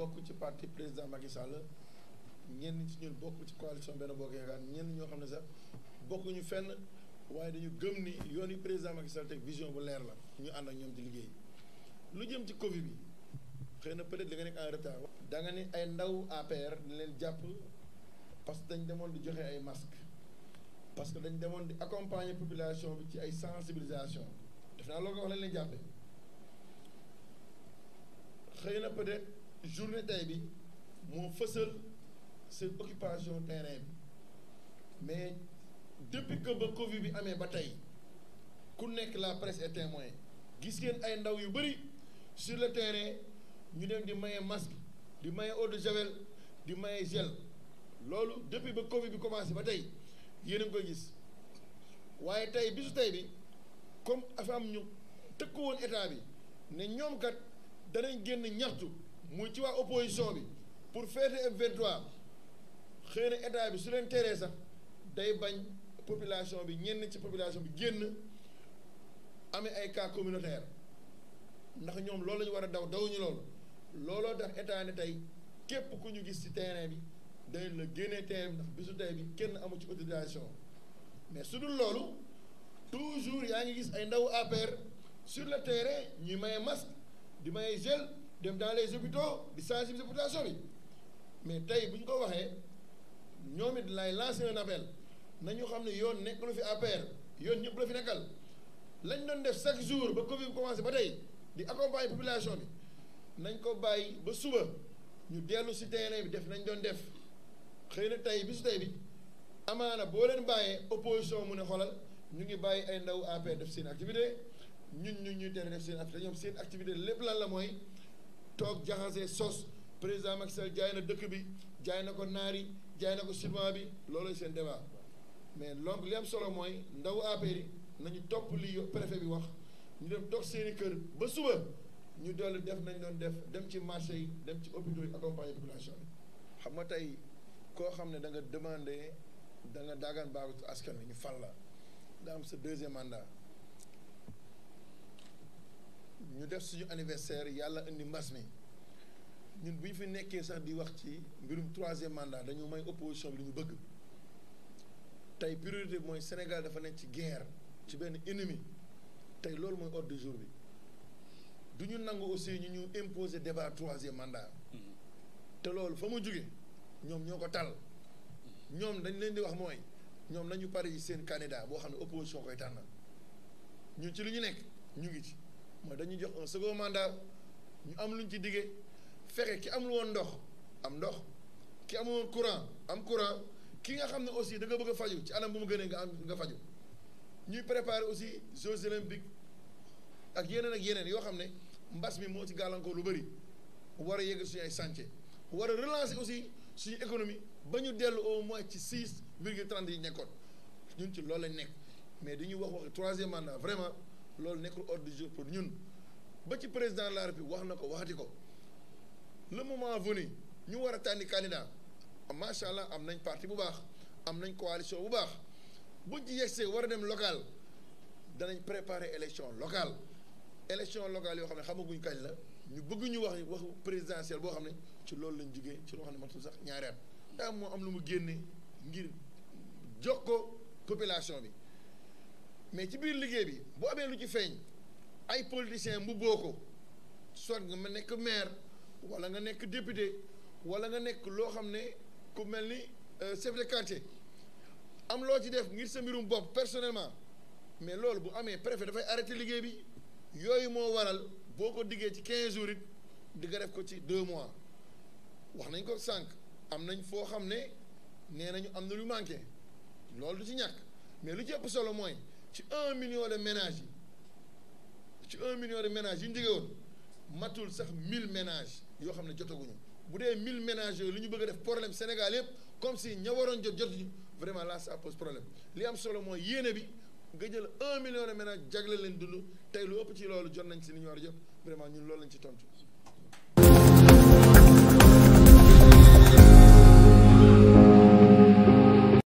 bokk ci parti président Macky Sall ñenn ci ñun bokk ci coalition benn bokk yaakaar ñenn ñoo xam ne sax bokkuñu fenn waaye dañu gëm ni yoon yi président Macky Sall vision bu leer la ñu ànd ak ñoom di liggéey lu jëm ci Covid bi xëy na peut-être da nga nekk en ni ay ndaw APR di leen jàpp parce que dañ demoon di joxe ay masques parce que dañ demoon di accompagner population bi ci ay sensibilisation def naa loo ko wax lañ leen jàppee journée tey bi moo fësal seen occupation terrain bi mais depuis que ba Covid bi amee ba tey ku nekk la presse est témoin gis ngeen ay ndaw yu bëri sur le terrain ñu dem di maye masque di maye eau de javel di maye gel loolu depuis ba Covid bi commencé ba tey yéen a koy gis waaye tey bisu tey bi comme afa am ñu tëkku woon état bi ne ñoom kat danañ génn ñaxtu. mu ci waa opposition bi pour feete M23 xëy na état bi su leen teree sax day bañ population bi ñenn ci population bi génn amee ay cas communautaire ndax ñoom loolu la ñu war a daw dawuñu loolu looloo tax état ne tey képp ku ñu gis ci terrain bi dañ la génnee terrain bi ndax bisu tey bi kenn amu ci autorisation mais su dul loolu toujours yaa ngi gis ay ndaw APR sur le terrain ñuy maye masque di maye gel dem dans les hôpitaux di sensibiliser population bi mais tey bu ñu ko waxee ñoom it lay lancer un appel nañu xam ne yoon nekk lu fi APR yoon ñëpp la fi nekkal lañ doon def chaque jour ba Covid commencé ba tey di accompagner population bi nañ ko bàyyi ba suba ñu dellu si terrain bi def nañ doon def xëy na tey bisu tey bi amaana boo leen bàyyee opposition mu ne xoolal ñu ngi bàyyi ay ndaw APR def seen activité ñun ñu ñuy tere def seen activité ñoom lépp lan la mooy toog jaxasee sos président Macky Sall jaay na dëkk bi jaay na ko naar yi jaay na ko ciment bi loolooy seen débat mais donc li am solo mooy ndaw APR yi nañu topp li préfet bi wax ñu dem toog seeni kër ba suba ñu dellu def nañ doon def dem ci marché yi dem ci hôpitaux yi accompagner population bi xam nga tey koo xam ne da nga demandé da nga daagaan baagu askan wi ñu fal la daa am sa deuxième mandat ñu def suñu anniversaire yàlla indi mbas mi ñun bu ñu fi nekkee sax di wax ci mbirum troisième mandat dañu may opposition bi lu ñu bëgg tey priorité bi mooy Sénégal dafa nekk ci guerre ci benn ennemi tey loolu mooy ordre du jour bi du ñu nangu aussi ñu ñu imposer débat troisième mandat mm-hmm. te loolu fa mu jóge ñoom ñoo ko tal ñoom dañ leen di wax mooy ñoom nañu pari seen candidat boo xam ne opposition koy tànnal ñun ci li ñu nekk ñu ngi ci mooy dañuy jox un second mandat ñu am luñ ci diggee fexe ki amul woon ndox am ndox ki amul woon courant am courant ki nga xam ne aussi da nga bëgg a faju ci anam bu mu gënee nga nga faju ñuy préparer aussi Jeux olympiques ak yeneen ak yeneen yoo xam ne mbas mi moo ci gàllankoor lu bëri war a yegg suñu ay chantier war a relancer aussi suñu économie ba ñu dellu au mois ci six virgule trente yi nekkoon ñun ci loolu lañ nekk mais dañuy wax wax troisième mandat vraiment. loolu nekkul ordre du jour pour ñun ba ci président de la wax na ko waxati ko le moment venu ñu war a tànni candidat macha allah am nañ partie bu baax am nañ coalition bu baax buñ ci yegsee war a dem local danañ préparer élection local élection locale yoo xam ne xamaguñ kañ la ñu bëgg ñu wax waxu présidentiel boo xam ne ci loolu lañ jugee ci loo xam ne matul sax ñaari at daa moo am lu mu génne ngir jox ko population bi mais ci biir liggéey bi boo amee lu ci feeñ ay politiciens bu boo ko soit nga nekk maire walla nga nekk député wala nga nekk loo xam ne ku mel ni euh, chef de quartier am loo ci def ngir sa mbirum bopp personnellement mais loolu bu amee préfet dafay arrêté liggéey bi yooyu moo waral boo ko diggee ci quinze jours it di nga def ko ci deux mois wax nañ ko sànq am nañ foo xam ne nee nañu am na lu manqué loolu du ci ñàkk mais lu ci solo mooy ci un million de ménages yi ci un million de ménages yi ñu jóge woon matul sax mille ménages yoo xam ne jotaguñu bu dee mille ménage yooyu li ñu bëgg def problème Sénégal yëpp comme si ña waroon jot jotuñu vraiment là ça pose problème li am solo mooy yéene bi nga jël un million de ménages jagle leen dund tey lu ëpp ci loolu jot nañ si ni ñu war a jot vraiment ñun loolu lañ ci tontu.